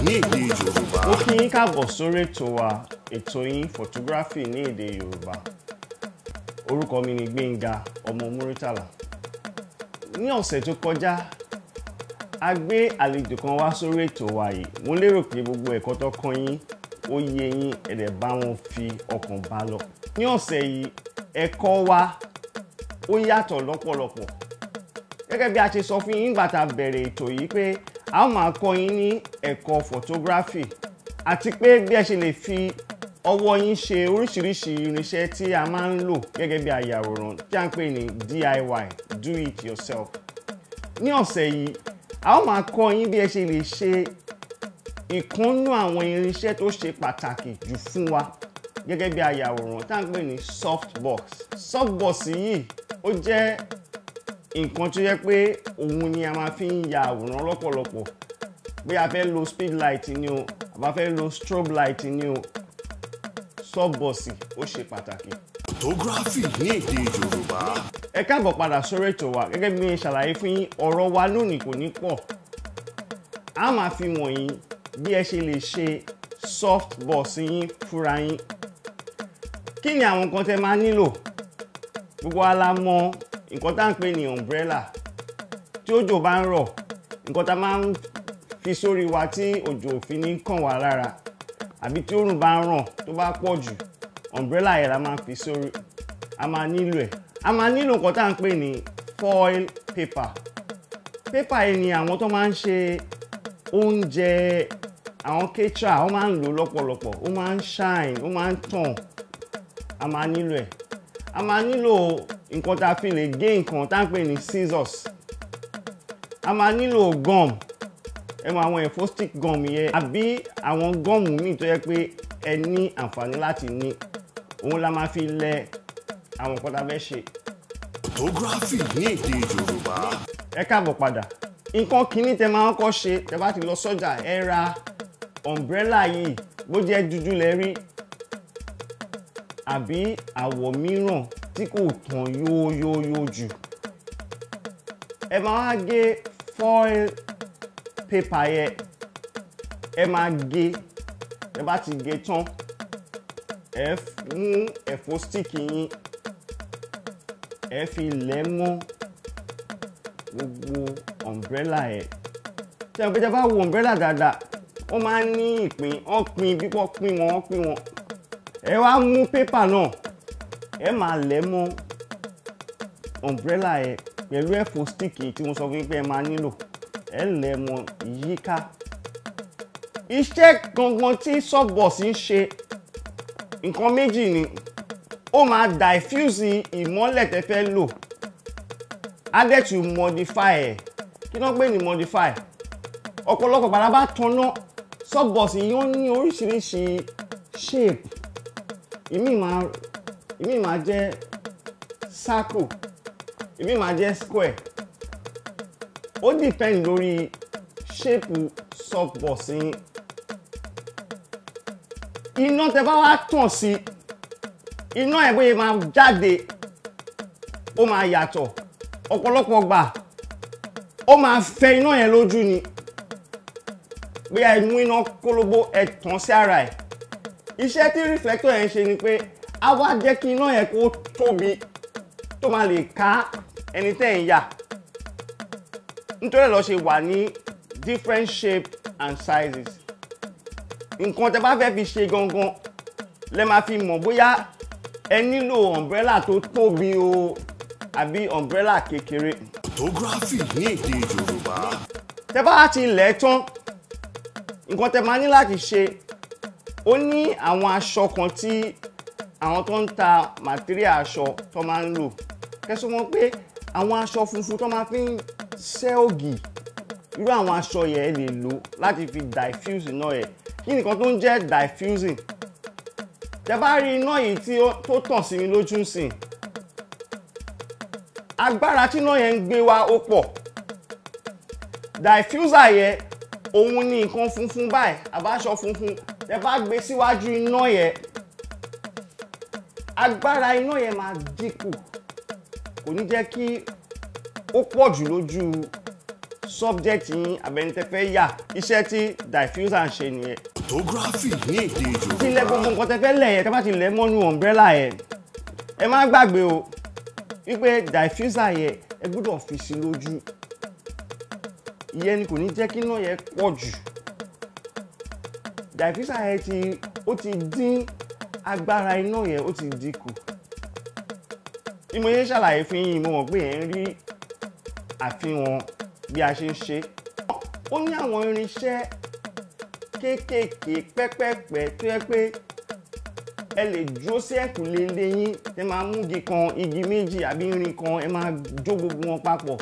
ní èdè Yorùbá. mo kí yín káàbọ̀ sórí ètò wa ètò yín photography ní èdè Yorùbá orúkọ mi ni Gbénga ọmọ Muritala ní ọ̀sẹ̀ tó kọjá a gbé àlejò kan wá sórí ètò wa yìí mo lérò pé gbogbo ẹ̀kọ́ tó kàn yín ó yé yín ẹ̀dẹ̀ bá wọn fi ọkàn bá lọ. ní ọ̀sẹ̀ yìí ẹ̀kọ́ wa ó yàtọ̀ lọ́pọ̀lọpọ̀ gẹ́gẹ́ bí a ṣe sọ fún yín nígbà tá a bẹ̀rẹ̀ ètò yìí pé a máa kọ́ yín ní ẹ̀kọ́ photography àti pé bí ẹ ṣe lè fi ọwọ́ yín ṣe oríṣiríṣi irinṣẹ́ tí a máa ń lò gẹ́gẹ́ bí ayàwòrán tí a ń pè ní DIY do it yourself. ní ọ̀sẹ̀ yìí a ó máa kọ́ yín bí ẹ ṣe lè ṣe ìkúnnú àwọn irinṣẹ́ tó ṣe pàtàkì jù fún wa gẹ́gẹ́ bí ayàwòrán tá à ń pè ní softbox softbox yìí ó jẹ́ nǹkan tó yẹ pé òun ni a máa fi ń ya àwòrán lọ́pọ̀lọpọ̀ bí a fẹ́ lo speed light ni o a bá fẹ́ lo strobe light ni o sọ́bọ̀sì ó ṣe pàtàkì. photography ní èdè Yorùbá. ẹ káàbọ̀ padà sórí ètò wa gẹ́gẹ́ bí mi ṣàlàyé fún yín ọ̀rọ̀ wa lónìí kò ní pọ̀ a máa fi wọ̀nyí bí ẹ ṣe lè ṣe soft box yín fúnra yín kí ni àwọn nǹkan tẹ máa nílò gbogbo wa la nǹkan tá ń pè ní umbrella tí òjò bá ń rọ̀ nǹkan tá a máa ń fi sórí wa tí òjò òfin ní kàn wá lára àbí tí òrùn bá ń ràn tó bá pọ̀ jù umbrella yẹn la máa fi sórí a máa nílò ẹ̀ a máa nílò nǹkan tá ń pè ní foil paper paper yìí ni àwọn tó máa ń ṣe oúnjẹ àwọn ketra ó máa ń lò lọ́pọ̀lọpọ̀ ó máa ń shine ó máa ń tàn a máa nílò ẹ̀ a máa nílò nǹkan tá a fi lè gé nǹkan tá à ń pè ní scissors a máa nílò gum ẹ mọ àwọn ẹ̀fọ́ stick gum yẹn àbí àwọn gum míì tó yẹ pé ẹ ní àǹfààní láti ní òun la máa fi lẹ àwọn nǹkan tá a fẹ́ ṣe. photography ní èdè Yorùbá. ẹ káàbọ̀ padà nǹkan kìíní tẹ máa ń kọ́ ṣe tẹ bá ti lọ sọ́jà ẹ ra umbrella yìí bó jẹ́ dúdú lẹ rí àbí àwọ̀ mìíràn tí kò tàn yóóyóóyó jù ẹ máa gé foil paper yẹn ẹ máa gé ẹ bá ti gé tán ẹ mú ẹ̀fọ́ stick yín ẹ fi lẹ̀ mọ́ gbogbo umbrella ẹ̀ tẹ́ ẹ pé tẹ́ bá wo umbrella dáadáa ó máa ń ní ìpín ọ̀pin bí wọ́n pín wọn ọ̀pin wọn ẹ wá mú paper náà ẹ máa lẹ̀ mọ́ umbrella ẹ pẹ̀lú ẹ̀fọ́ stick tí mo sọ fún yín pé ẹ máa nílò ẹ lẹ̀ mọ́ yíká iṣẹ́ gangan tí sọ́gbọ̀sì ń ṣe nǹkan méjì ni ó máa diffuse ìmọ́lẹ̀ tẹ́ fẹ́ lò á modify ẹ̀ kí ló ń pè ní modify ọ̀pọ̀lọpọ̀ balaba tanná sọ́gbọ̀sì yóò ní oríṣiríṣi shape ìmí máa ìmí máa jẹ́ circle ìmí máa jẹ́ square ó depend lórí ṣéèpù softbox yín iná tẹ bá wá tàn sí iná ẹ̀ bóyá máa jáde ó máa yàtọ̀ ọ̀pọ̀lọpọ̀ gbà ó máa fẹ́ iná yẹn lójú ni bóyá ẹ mú iná kólóbó ẹ tàn sí ara ẹ̀ iṣẹ́ tí rìflẹ́tọ̀ yẹn ṣe ni pé á wá jẹ́ kí iná yẹn kó tóbi tó máa lè ká ẹni tẹ́ ń yà nítorí ẹ̀ lọ́ ṣe wà ní different shapes and sizes nǹkan tẹ́ bá fẹ́ fi ṣe gangan lẹ́ máa fi mọ̀ bóyá ẹ nílò umbrella tó tóbi o àbí umbrella kékeré. photography ní èdè Yorùbá. tẹ́ bá ti lẹ̀ tán nǹkan tẹ́ máa ní láti ṣe ó ní àwọn aṣọ kan tí àwọn tó ń ta màtíríà aṣọ tó máa ń lò kẹsọ wọn pé àwọn aṣọ funfun tó máa fi ń ṣẹ́ ògì irú àwọn aṣọ yẹn lè lò láti fi diffuse iná yẹn kí nìkan tó ń jẹ́ diffusing tẹ bá rí iná yìí tí tó tàn sí mi lójú sìn agbára tí iná yẹn ń gbé wá ó pọ̀ diffuser yẹn òun ni nǹkan funfun báyìí àbáṣọ funfun tẹ bá gbé síwájú iná yẹn agbára iná yẹn máa dínkù kò ní jẹ́ kí ó pọ̀ jù lójú subject yín abẹnitẹ́fẹ́ yà iṣẹ́ tí diffuser ń ṣe nìyẹn. photography ní èdè Yorùbá. ti lẹ gbogbo nǹkan tẹ́fẹ́ lẹ̀ yẹn tẹ́ bá ti lẹ̀ mọ́nú umbrella yẹn ẹ má gbàgbé o wípé diffuser yẹn ẹ gbọ́dọ̀ fi sí lójú ìyẹn kò ní jẹ́ kí iná yẹn pọ̀ jù diffuser yẹn ti ó ti dín agbára iná yẹn ó ti dínkù bí mo yẹn ṣàlàyé fún yín mo mọ̀ pé ẹ̀ ń rí àfihàn bí a ṣe ń ṣe ó ní àwọn irinṣẹ́ kéékèèké pẹ́pẹ́pẹ́ tó yẹ pé ẹ lè jó sí ẹ̀kúlé ilé yín ẹ máa mú igi kan igi méjì àbí irin kan ẹ máa jó gbogbo wọn papọ̀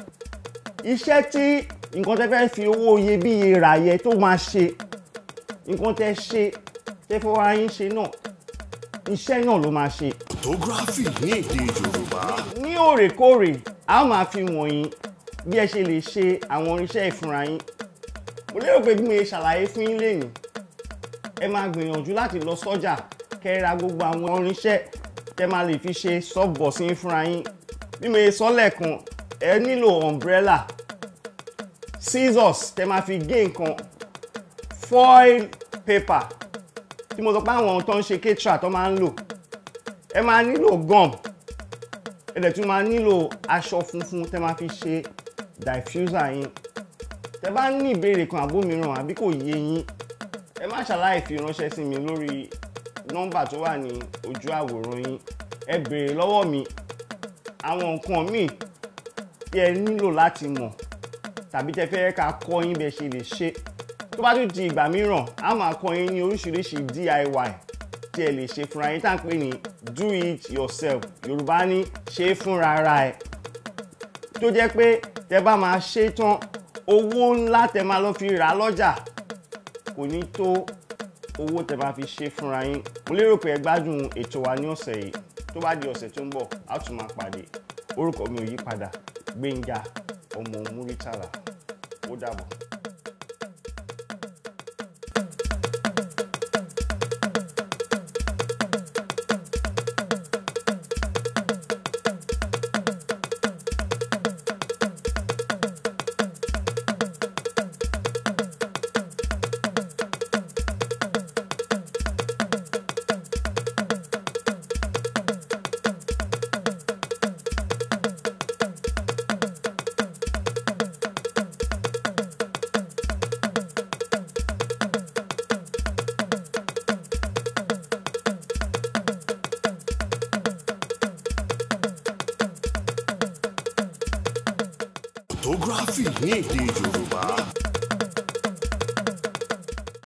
iṣẹ́ tí nǹkan tẹ́ fẹ́ fi owó iyebíye rà yẹ tó máa ṣe nǹkan tẹ́ ṣe tẹ́ fọwọ́ ara yín ṣe náà iṣẹ́ náà ló máa ṣe. photography ní èdè yorùbá. ní òrèkóòrè a máa fi wọ̀nyí bí ẹ ṣe lè ṣe àwọn irinṣẹ́ ìfúnra yín mo lérò pé bí mo ṣe ṣàlàyé fún yín lẹ́nu ẹ máa gbìyànjú láti lọ sọ́jà kẹ́ ra gbogbo àwọn irinṣẹ́ tẹ́ máa lè fi ṣe sọ́ọ̀bọ̀sì fúnra yín bí mo ṣe sọ lẹ́ẹ̀kan ẹ nílò umbrella scissors tẹ́ máa fi gé nǹkan foil paper tí mo sọ pé àwọn tó ń ṣe ketra tó máa ń lò ẹ máa nílò gum ẹ dẹ̀ tún máa nílò aṣọ funfun tẹ máa fi ṣe diffuser yín tẹ bá ní ìbéèrè kan àbó mìíràn àbí kò yé yín ẹ má ṣàlàyé fi ránṣẹ́ sí mi lórí nọ́mbà tó wà ní ojú àwòrán yín ẹ béèrè lọ́wọ́ mi àwọn nǹkan míì tí ẹ nílò láti mọ̀ tàbí tẹ fẹ́ ká kọ́ yín bẹ́ẹ̀ ṣe lè ṣe tó bá tún di ìgbà mìíràn a máa kọ́ yín ní oríṣiríṣi DIY tí ẹ lè ṣe fúnra yín tá à ń pè ní do it yourself Yorùbá ní ṣe é fúnra ara ẹ tó jẹ́ pé tẹ bá máa ṣe tán owó ńlá tẹ máa lọ fi rà lọ́jà kò ní tó owó tẹ máa fi ṣe fúnra yín mo lérò pé ẹ gbádùn ètò wa ní ọ̀sẹ̀ yìí tó bá di ọ̀sẹ̀ tó ń bọ̀ á tún máa pàdé orúkọ mi ò yí padà Gbénga ọmọ Múrítàlá ó dàbọ̀. Afirente de Urubá.